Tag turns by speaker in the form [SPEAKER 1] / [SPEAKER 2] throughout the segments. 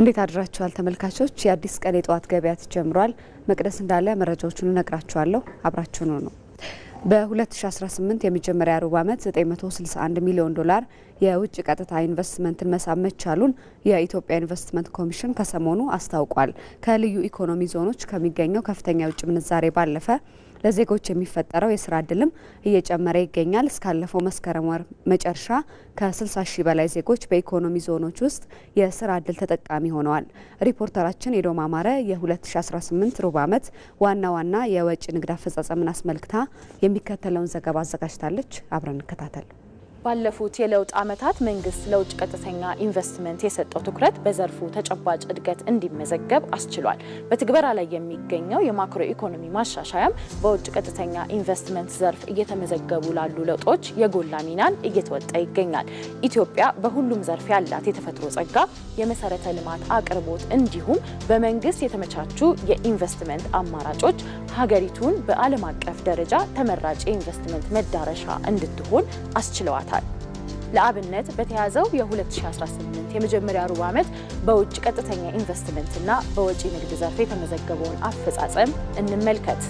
[SPEAKER 1] እንዴት አድራችኋል ተመልካቾች? የአዲስ ቀን የጠዋት ገበያ ተጀምሯል። መቅደስ እንዳለ መረጃዎቹን እነግራችኋለሁ። አብራችሁኑ ነው። በ2018 የመጀመሪያ ሩብ ዓመት 961 ሚሊዮን ዶላር የውጭ ቀጥታ ኢንቨስትመንትን መሳብ መቻሉን የኢትዮጵያ ኢንቨስትመንት ኮሚሽን ከሰሞኑ አስታውቋል። ከልዩ ኢኮኖሚ ዞኖች ከሚገኘው ከፍተኛ የውጭ ምንዛሬ ባለፈ ለዜጎች የሚፈጠረው የስራ እድልም እየጨመረ ይገኛል። እስካለፈው መስከረም ወር መጨረሻ ከ60 ሺህ በላይ ዜጎች በኢኮኖሚ ዞኖች ውስጥ የስራ እድል ተጠቃሚ ሆነዋል። ሪፖርተራችን ኤዶም አማረ የ2018 ሩብ ዓመት ዋና ዋና የወጪ ንግድ አፈጻጸምን አስመልክታ የሚከተለውን ዘገባ አዘጋጅታለች። አብረን እንከታተል። ባለፉት የለውጥ ዓመታት መንግስት ለውጭ ቀጥተኛ ኢንቨስትመንት የሰጠው ትኩረት በዘርፉ ተጨባጭ እድገት እንዲመዘገብ አስችሏል። በትግበራ ላይ የሚገኘው የማክሮ ኢኮኖሚ ማሻሻያም በውጭ ቀጥተኛ ኢንቨስትመንት ዘርፍ እየተመዘገቡ ላሉ ለውጦች የጎላ ሚናን እየተወጣ ይገኛል። ኢትዮጵያ በሁሉም ዘርፍ ያላት የተፈጥሮ ጸጋ፣ የመሰረተ ልማት አቅርቦት እንዲሁም በመንግስት የተመቻቹ የኢንቨስትመንት አማራጮች ሀገሪቱን በዓለም አቀፍ ደረጃ ተመራጭ የኢንቨስትመንት መዳረሻ እንድትሆን አስችለዋል። ለአብነት በተያዘው የ2018 የመጀመሪያ ሩብ ዓመት በውጭ ቀጥተኛ ኢንቨስትመንት ና በወጪ ንግድ ዘርፍ የተመዘገበውን አፈጻጸም እንመልከት።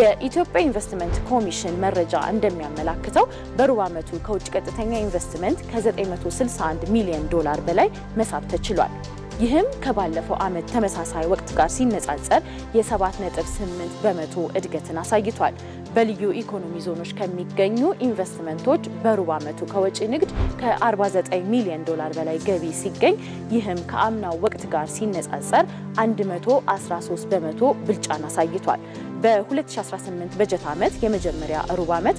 [SPEAKER 1] የኢትዮጵያ ኢንቨስትመንት ኮሚሽን መረጃ እንደሚያመላክተው በሩብ ዓመቱ ከውጭ ቀጥተኛ ኢንቨስትመንት ከ961 ሚሊዮን ዶላር በላይ መሳብ ተችሏል። ይህም ከባለፈው ዓመት ተመሳሳይ ወቅት ጋር ሲነጻጸር የ7.8 በመቶ እድገትን አሳይቷል። በልዩ ኢኮኖሚ ዞኖች ከሚገኙ ኢንቨስትመንቶች በሩብ ዓመቱ ከወጪ ንግድ ከ49 ሚሊዮን ዶላር በላይ ገቢ ሲገኝ ይህም ከአምናው ወቅት ጋር ሲነጻጸር 113 በመቶ ብልጫን አሳይቷል። በ2018 በጀት ዓመት የመጀመሪያ ሩብ ዓመት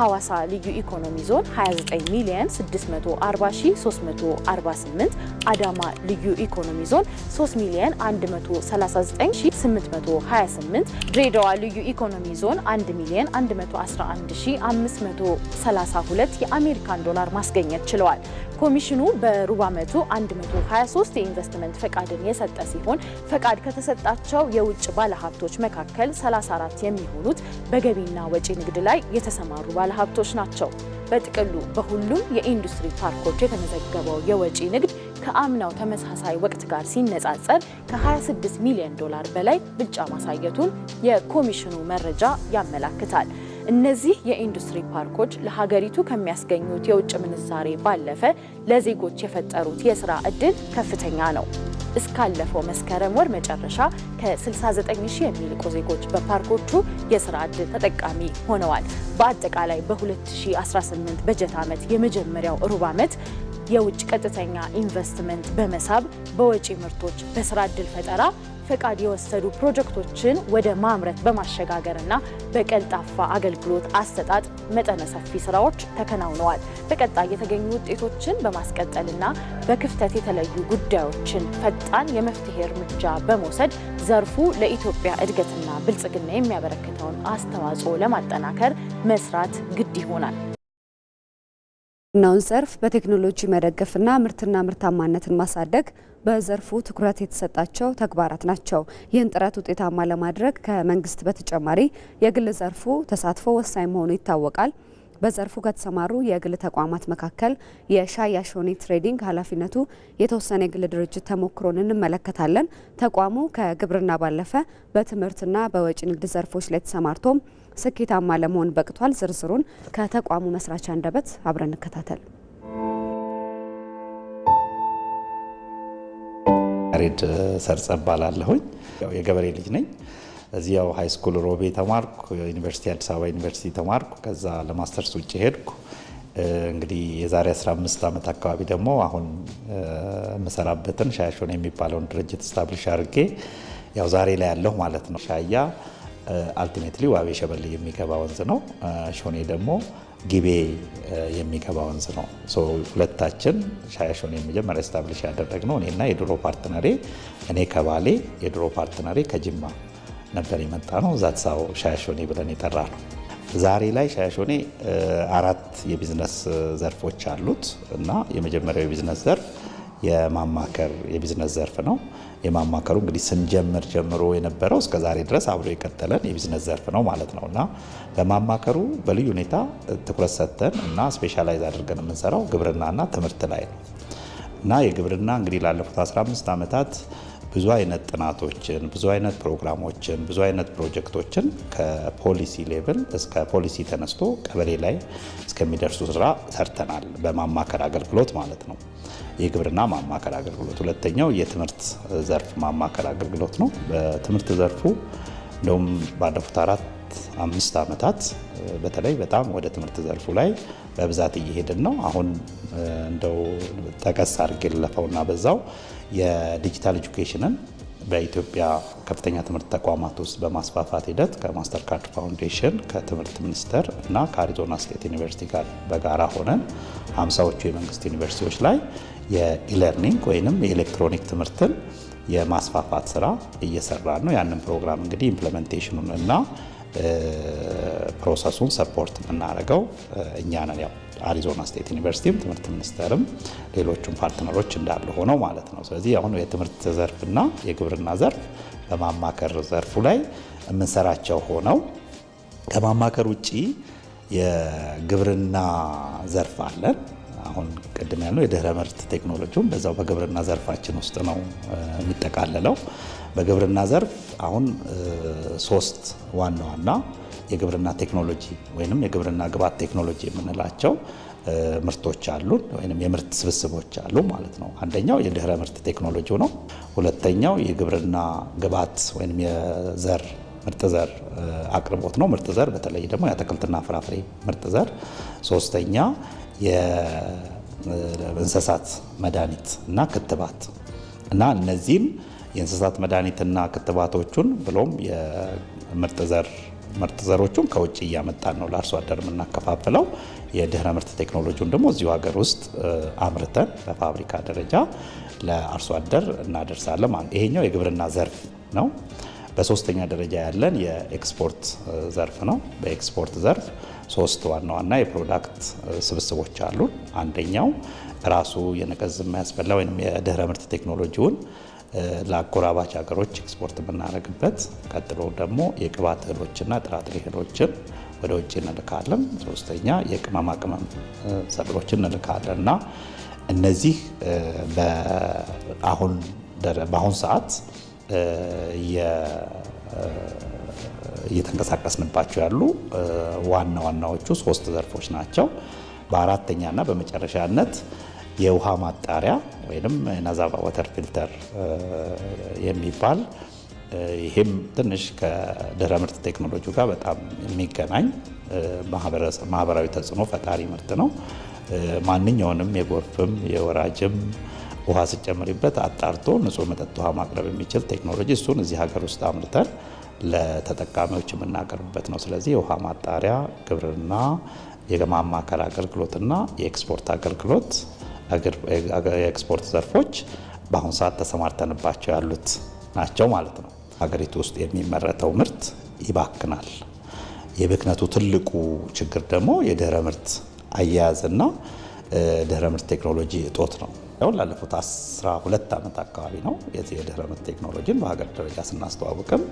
[SPEAKER 1] ሐዋሳ ልዩ ኢኮኖሚ ዞን 29 ሚሊዮን 640348፣ አዳማ ልዩ ኢኮኖሚ ዞን 3 ሚሊዮን 139828፣ ድሬዳዋ ልዩ ኢኮኖሚ ዞን 1 ሚሊዮን 111532 የአሜሪካን ዶላር ማስገኘት ችለዋል። ኮሚሽኑ በሩብ ዓመቱ 123 የኢንቨስትመንት ፈቃድን የሰጠ ሲሆን ፈቃድ ከተሰጣቸው የውጭ ባለሀብቶች መካከል 34 የሚሆኑት በገቢና ወጪ ንግድ ላይ የተሰማሩ ባለሀብቶች ናቸው። በጥቅሉ በሁሉም የኢንዱስትሪ ፓርኮች የተመዘገበው የወጪ ንግድ ከአምናው ተመሳሳይ ወቅት ጋር ሲነጻጸር ከ26 ሚሊዮን ዶላር በላይ ብልጫ ማሳየቱን የኮሚሽኑ መረጃ ያመላክታል። እነዚህ የኢንዱስትሪ ፓርኮች ለሀገሪቱ ከሚያስገኙት የውጭ ምንዛሬ ባለፈ ለዜጎች የፈጠሩት የስራ እድል ከፍተኛ ነው። እስካለፈው መስከረም ወር መጨረሻ ከ69 ሺህ የሚልቁ ዜጎች በፓርኮቹ የስራ እድል ተጠቃሚ ሆነዋል። በአጠቃላይ በ2018 በጀት ዓመት የመጀመሪያው ሩብ ዓመት የውጭ ቀጥተኛ ኢንቨስትመንት በመሳብ በወጪ ምርቶች በስራ እድል ፈጠራ ፈቃድ የወሰዱ ፕሮጀክቶችን ወደ ማምረት በማሸጋገርና በቀልጣፋ አገልግሎት አሰጣጥ መጠነ ሰፊ ስራዎች ተከናውነዋል። በቀጣይ የተገኙ ውጤቶችን በማስቀጠልና በክፍተት የተለዩ ጉዳዮችን ፈጣን የመፍትሄ እርምጃ በመውሰድ ዘርፉ ለኢትዮጵያ እድገትና ብልጽግና የሚያበረክተውን አስተዋጽኦ ለማጠናከር መስራት ግድ ይሆናል። ናውን ዘርፍ በቴክኖሎጂ መደገፍና ምርትና ምርታማነትን ማሳደግ በዘርፉ ትኩረት የተሰጣቸው ተግባራት ናቸው። ይህን ጥረት ውጤታማ ለማድረግ ከመንግስት በተጨማሪ የግል ዘርፉ ተሳትፎ ወሳኝ መሆኑ ይታወቃል። በዘርፉ ከተሰማሩ የግል ተቋማት መካከል የሻያ ሾኔ ትሬዲንግ ኃላፊነቱ የተወሰነ የግል ድርጅት ተሞክሮን እንመለከታለን። ተቋሙ ከግብርና ባለፈ በትምህርትና በወጪ ንግድ ዘርፎች ላይ ተሰማርቶም ስኬታማ ለመሆን በቅቷል። ዝርዝሩን ከተቋሙ መስራች አንደበት አብረን እንከታተል።
[SPEAKER 2] ያሬድ ሰርጸ እባላለሁኝ። የገበሬ ልጅ ነኝ። እዚያው ሀይ ስኩል ሮቤ ተማርኩ። ዩኒቨርሲቲ አዲስ አበባ ዩኒቨርሲቲ ተማርኩ። ከዛ ለማስተርስ ውጭ ሄድኩ። እንግዲህ የዛሬ 15 ዓመት አካባቢ ደግሞ አሁን የምሰራበትን ሻያሾን የሚባለውን ድርጅት ስታብሊሽ አድርጌ ያው ዛሬ ላይ ያለሁ ማለት ነው። ሻያ አልቲሜትሊ ዋቤ ሸበሌ የሚገባ ወንዝ ነው። ሾኔ ደግሞ ጊቤ የሚገባ ወንዝ ነው። ሁለታችን ሻያ ሾኔ የመጀመሪያ ስታብሊሽ ያደረግነው እኔና የድሮ ፓርትነሬ እኔ ከባሌ የድሮ ፓርትነሬ ከጅማ ነበር የመጣ ነው። እዛት ሳው ሻያ ሾኔ ብለን የጠራ ነው። ዛሬ ላይ ሻያ ሾኔ አራት የቢዝነስ ዘርፎች አሉት እና የመጀመሪያው የቢዝነስ ዘርፍ የማማከር የቢዝነስ ዘርፍ ነው። የማማከሩ እንግዲህ ስንጀምር ጀምሮ የነበረው እስከ ዛሬ ድረስ አብሮ የቀጠለን የቢዝነስ ዘርፍ ነው ማለት ነው እና በማማከሩ በልዩ ሁኔታ ትኩረት ሰጥተን እና ስፔሻላይዝ አድርገን የምንሰራው ግብርናና ትምህርት ላይ ነው እና የግብርና እንግዲህ ላለፉት 15 ዓመታት ብዙ አይነት ጥናቶችን፣ ብዙ አይነት ፕሮግራሞችን፣ ብዙ አይነት ፕሮጀክቶችን ከፖሊሲ ሌቭል እስከ ፖሊሲ ተነስቶ ቀበሌ ላይ እስከሚደርሱ ስራ ሰርተናል። በማማከር አገልግሎት ማለት ነው። የግብርና ማማከር አገልግሎት፣ ሁለተኛው የትምህርት ዘርፍ ማማከር አገልግሎት ነው። በትምህርት ዘርፉ እንደውም ባለፉት አራት አምስት ዓመታት በተለይ በጣም ወደ ትምህርት ዘርፉ ላይ በብዛት እየሄድን ነው። አሁን እንደው ጠቀስ አድርጌ ልለፈውና በዛው የዲጂታል ኤጁኬሽንን በኢትዮጵያ ከፍተኛ ትምህርት ተቋማት ውስጥ በማስፋፋት ሂደት ከማስተር ካርድ ፋውንዴሽን ከትምህርት ሚኒስቴር እና ከአሪዞና ስቴት ዩኒቨርሲቲ ጋር በጋራ ሆነን ሀምሳዎቹ የመንግስት ዩኒቨርሲቲዎች ላይ የኢለርኒንግ ወይም የኤሌክትሮኒክ ትምህርትን የማስፋፋት ስራ እየሰራ ነው። ያንን ፕሮግራም እንግዲህ ኢምፕሊመንቴሽኑን እና ፕሮሰሱን ሰፖርት የምናደርገው እኛ ነን። ያው አሪዞና ስቴት ዩኒቨርሲቲም ትምህርት ሚኒስቴርም ሌሎቹም ፓርትነሮች እንዳሉ ሆነው ማለት ነው። ስለዚህ አሁን የትምህርት ዘርፍና የግብርና ዘርፍ በማማከር ዘርፉ ላይ የምንሰራቸው ሆነው ከማማከር ውጭ የግብርና ዘርፍ አለን። አሁን ቅድም ያልነው የድህረ ምርት ቴክኖሎጂውም በዛው በግብርና ዘርፋችን ውስጥ ነው የሚጠቃለለው። በግብርና ዘርፍ አሁን ሶስት ዋና ዋና የግብርና ቴክኖሎጂ ወይም የግብርና ግብዓት ቴክኖሎጂ የምንላቸው ምርቶች አሉን ወይም የምርት ስብስቦች አሉ ማለት ነው። አንደኛው የድህረ ምርት ቴክኖሎጂው ነው። ሁለተኛው የግብርና ግብዓት ወይም የዘር ምርጥ ዘር አቅርቦት ነው። ምርጥ ዘር በተለይ ደግሞ የአትክልትና ፍራፍሬ ምርጥ ዘር። ሶስተኛ የእንስሳት መድኃኒት እና ክትባት እና እነዚህም የእንስሳት መድኃኒትና ክትባቶቹን ብሎም የምርጥ ዘር ምርጥ ዘሮቹን ከውጭ እያመጣን ነው ለአርሶ አደር የምናከፋፍለው። የድህረ ምርት ቴክኖሎጂውን ደግሞ እዚሁ ሀገር ውስጥ አምርተን በፋብሪካ ደረጃ ለአርሶ አደር እናደርሳለን ይሄኛው የግብርና ዘርፍ ነው። በሶስተኛ ደረጃ ያለን የኤክስፖርት ዘርፍ ነው። በኤክስፖርት ዘርፍ ሶስት ዋና ዋና የፕሮዳክት ስብስቦች አሉ። አንደኛው ራሱ የነቀዝ የማያስፈላ ወይም የድህረ ምርት ቴክኖሎጂውን ለአጎራባች ሀገሮች ኤክስፖርት የምናደርግበት፣ ቀጥሎ ደግሞ የቅባት እህሎችና ጥራጥሬ እህሎችን ወደ ውጭ እንልካለን። ሶስተኛ የቅመማ ቅመም ሰብሎችን እንልካለን እና እነዚህ በአሁን ሰዓት እየተንቀሳቀስንባቸው ያሉ ዋና ዋናዎቹ ሶስት ዘርፎች ናቸው። በአራተኛና በመጨረሻነት የውሃ ማጣሪያ ወይም ናዛባ ወተር ፊልተር የሚባል ይህም ትንሽ ከድህረ ምርት ቴክኖሎጂ ጋር በጣም የሚገናኝ ማህበራዊ ተጽዕኖ ፈጣሪ ምርት ነው። ማንኛውንም የጎርፍም የወራጅም ውሃ ስጨምሪበት አጣርቶ ንጹህ መጠጥ ውሃ ማቅረብ የሚችል ቴክኖሎጂ እሱን እዚህ ሀገር ውስጥ አምርተን ለተጠቃሚዎች የምናቀርብበት ነው። ስለዚህ የውሃ ማጣሪያ ግብርና፣ የማማከል አገልግሎትና የኤክስፖርት አገልግሎት የኤክስፖርት ዘርፎች በአሁኑ ሰዓት ተሰማርተንባቸው ያሉት ናቸው ማለት ነው። ሀገሪቱ ውስጥ የሚመረተው ምርት ይባክናል። የብክነቱ ትልቁ ችግር ደግሞ የድህረ ምርት አያያዝና ድህረ ምርት ቴክኖሎጂ እጦት ነው። ያው ላለፉት 12 ዓመት አካባቢ ነው የዚህ የድህረ ቴክኖሎጂን በሀገር ደረጃ ስናስተዋውቅም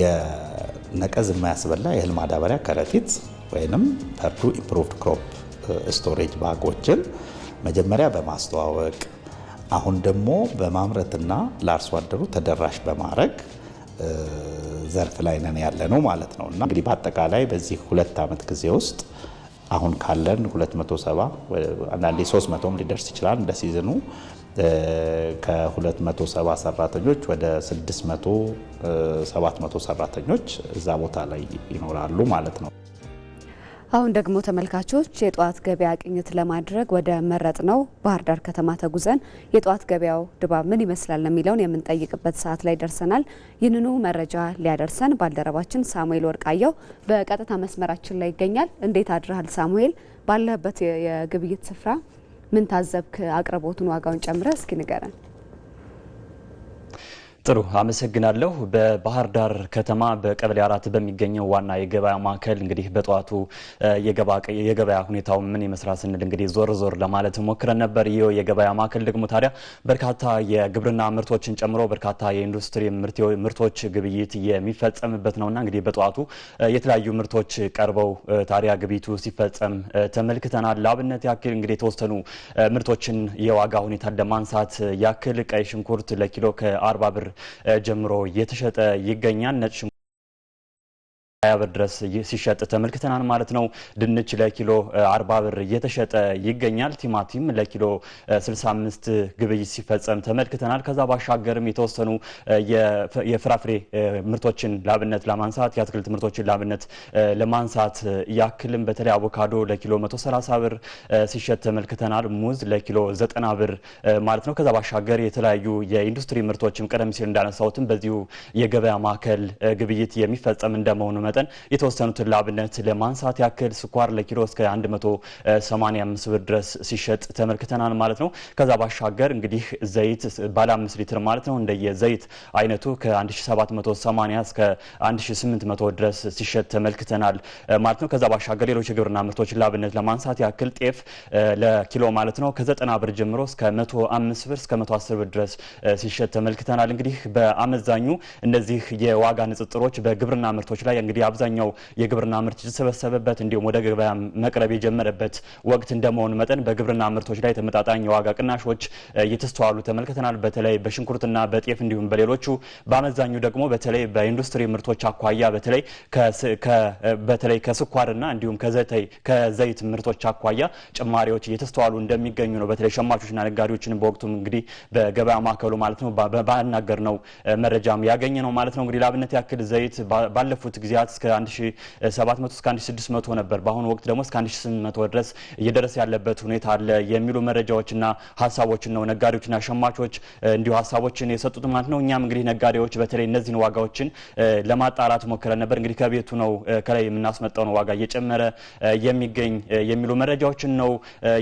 [SPEAKER 2] የነቀዝ የማያስበላ የእህል ማዳበሪያ ከረጢት ወይም ተርዱ ኢምፕሩቭድ ክሮፕ ስቶሬጅ ባጎችን መጀመሪያ በማስተዋወቅ አሁን ደግሞ በማምረትና ለአርሶ አደሩ ተደራሽ በማድረግ ዘርፍ ላይ ነን ያለ ነው ማለት ነው እና እንግዲህ በአጠቃላይ በዚህ ሁለት ዓመት ጊዜ ውስጥ አሁን ካለን 270 አንዳንዴ 300 ሊደርስ ይችላል እንደ ሲዝኑ ከ270 ሰራተኞች ወደ 600 700 ሰራተኞች እዛ ቦታ ላይ ይኖራሉ ማለት ነው።
[SPEAKER 1] አሁን ደግሞ ተመልካቾች የጠዋት ገበያ ቅኝት ለማድረግ ወደ መረጥ ነው ባህር ዳር ከተማ ተጉዘን የጠዋት ገበያው ድባብ ምን ይመስላል የሚለውን የምንጠይቅበት ሰዓት ላይ ደርሰናል። ይህንኑ መረጃ ሊያደርሰን ባልደረባችን ሳሙኤል ወርቃየው በቀጥታ መስመራችን ላይ ይገኛል። እንዴት አድረሃል ሳሙኤል? ባለህበት የግብይት ስፍራ ምን ታዘብክ? አቅርቦቱን፣ ዋጋውን ጨምረ እስኪ ንገረን።
[SPEAKER 3] ጥሩ አመሰግናለሁ። በባህር ዳር ከተማ በቀበሌ አራት በሚገኘው ዋና የገበያ ማዕከል እንግዲህ በጠዋቱ የገበያ ሁኔታው ምን ይመስላል ስንል እንግዲህ ዞር ዞር ለማለት ሞክረን ነበር። ይኸው የገበያ ማዕከል ደግሞ ታዲያ በርካታ የግብርና ምርቶችን ጨምሮ በርካታ የኢንዱስትሪ ምርቶች ግብይት የሚፈጸምበት ነውና እንግዲህ በጠዋቱ የተለያዩ ምርቶች ቀርበው ታዲያ ግብይቱ ሲፈጸም ተመልክተናል። ለአብነት ያክል እንግዲህ የተወሰኑ ምርቶችን የዋጋ ሁኔታን ለማንሳት ያክል ቀይ ሽንኩርት ለኪሎ ከአርባ ብር ጀምሮ እየተሸጠ ይገኛል። ነጭ ሀያ ብር ድረስ ሲሸጥ ተመልክተናል ማለት ነው። ድንች ለኪሎ አርባ ብር እየተሸጠ ይገኛል። ቲማቲም ለኪሎ አምስት ግብይት ሲፈጸም ተመልክተናል። ከዛ ባሻገርም የተወሰኑ የፍራፍሬ ምርቶችን ለአብነት ለማንሳት የአትክልት ምርቶችን ለአብነት ለማንሳት ያክልም በተለይ አቮካዶ ለኪሎ ሰላሳ ብር ሲሸጥ ተመልክተናል። ሙዝ ለኪሎ ዘጠና ብር ማለት ነው። ከዛ ባሻገር የተለያዩ የኢንዱስትሪ ምርቶችም ቀደም ሲል እንዳነሳሁትም በዚሁ የገበያ ማዕከል ግብይት የሚፈጸም እንደመሆኑ መጠ መጠን የተወሰኑትን ለአብነት ለማንሳት ያክል ስኳር ለኪሎ እስከ 185 ብር ድረስ ሲሸጥ ተመልክተናል ማለት ነው። ከዛ ባሻገር እንግዲህ ዘይት ባለ 5 ሊትር ማለት ነው እንደየዘይት አይነቱ ከ1780 እስከ 1800 ድረስ ሲሸጥ ተመልክተናል ማለት ነው። ከዛ ባሻገር ሌሎች የግብርና ምርቶች ለአብነት ለማንሳት ያክል ጤፍ ለኪሎ ማለት ነው ከ90 ብር ጀምሮ እስከ 105 ብር እስከ 110 ብር ድረስ ሲሸጥ ተመልክተናል። እንግዲህ በአመዛኙ እነዚህ የዋጋ ንጽጥሮች በግብርና ምርቶች ላይ እንግዲህ አብዛኛው የግብርና ምርት የተሰበሰበበት እንዲሁም ወደ ገበያ መቅረብ የጀመረበት ወቅት እንደመሆኑ መጠን በግብርና ምርቶች ላይ ተመጣጣኝ የዋጋ ቅናሾች እየተስተዋሉ ተመልክተናል። በተለይ በሽንኩርትና በጤፍ እንዲሁም በሌሎቹ በአመዛኙ ደግሞ በተለይ በኢንዱስትሪ ምርቶች አኳያ በተለይ በተለይ ከስኳርና እንዲሁም ከዘይት ምርቶች አኳያ ጭማሪዎች እየተስተዋሉ እንደሚገኙ ነው። በተለይ ሸማቾችና ነጋዴዎችን በወቅቱም እንግዲህ በገበያ ማዕከሉ ማለት ነው ባናገር ነው መረጃም ያገኘ ነው ማለት ነው። እንግዲህ ለአብነት ያክል ዘይት ባለፉት ጊዜያት ሰዓት እስከ 1700 እስከ 1600 ነበር። በአሁኑ ወቅት ደግሞ እስከ 1800 ድረስ እየደረሰ ያለበት ሁኔታ አለ የሚሉ መረጃዎችና ሀሳቦችን ነው ነጋዴዎችና ሸማቾች እንዲሁ ሀሳቦችን የሰጡት ማለት ነው። እኛም እንግዲህ ነጋዴዎች በተለይ እነዚህን ዋጋዎችን ለማጣራት ሞክረን ነበር። እንግዲህ ከቤቱ ነው ከላይ የምናስመጣው ነው ዋጋ እየጨመረ የሚገኝ የሚሉ መረጃዎችን ነው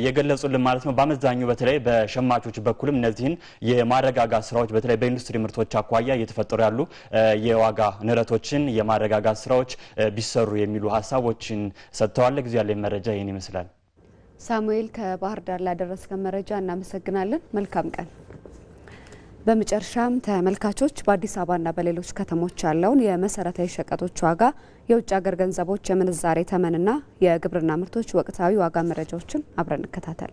[SPEAKER 3] የገለጹልን ማለት ነው። በአመዛኙ በተለይ በሸማቾች በኩልም እነዚህን የማረጋጋት ስራዎች በተለይ በኢንዱስትሪ ምርቶች አኳያ እየተፈጠሩ ያሉ የዋጋ ንረቶችን የማረጋጋት ስራ ስራዎች ቢሰሩ የሚሉ ሀሳቦችን ሰጥተዋል። ጊዜ ያለ መረጃ ይህን ይመስላል።
[SPEAKER 1] ሳሙኤል ከባህር ዳር ላደረስከ መረጃ እናመሰግናለን። መልካም ቀን። በመጨረሻም ተመልካቾች በአዲስ አበባና በሌሎች ከተሞች ያለውን የመሰረታዊ ሸቀጦች ዋጋ፣ የውጭ ሀገር ገንዘቦች የምንዛሬ ተመንና የግብርና ምርቶች ወቅታዊ ዋጋ መረጃዎችን አብረን እንከታተል።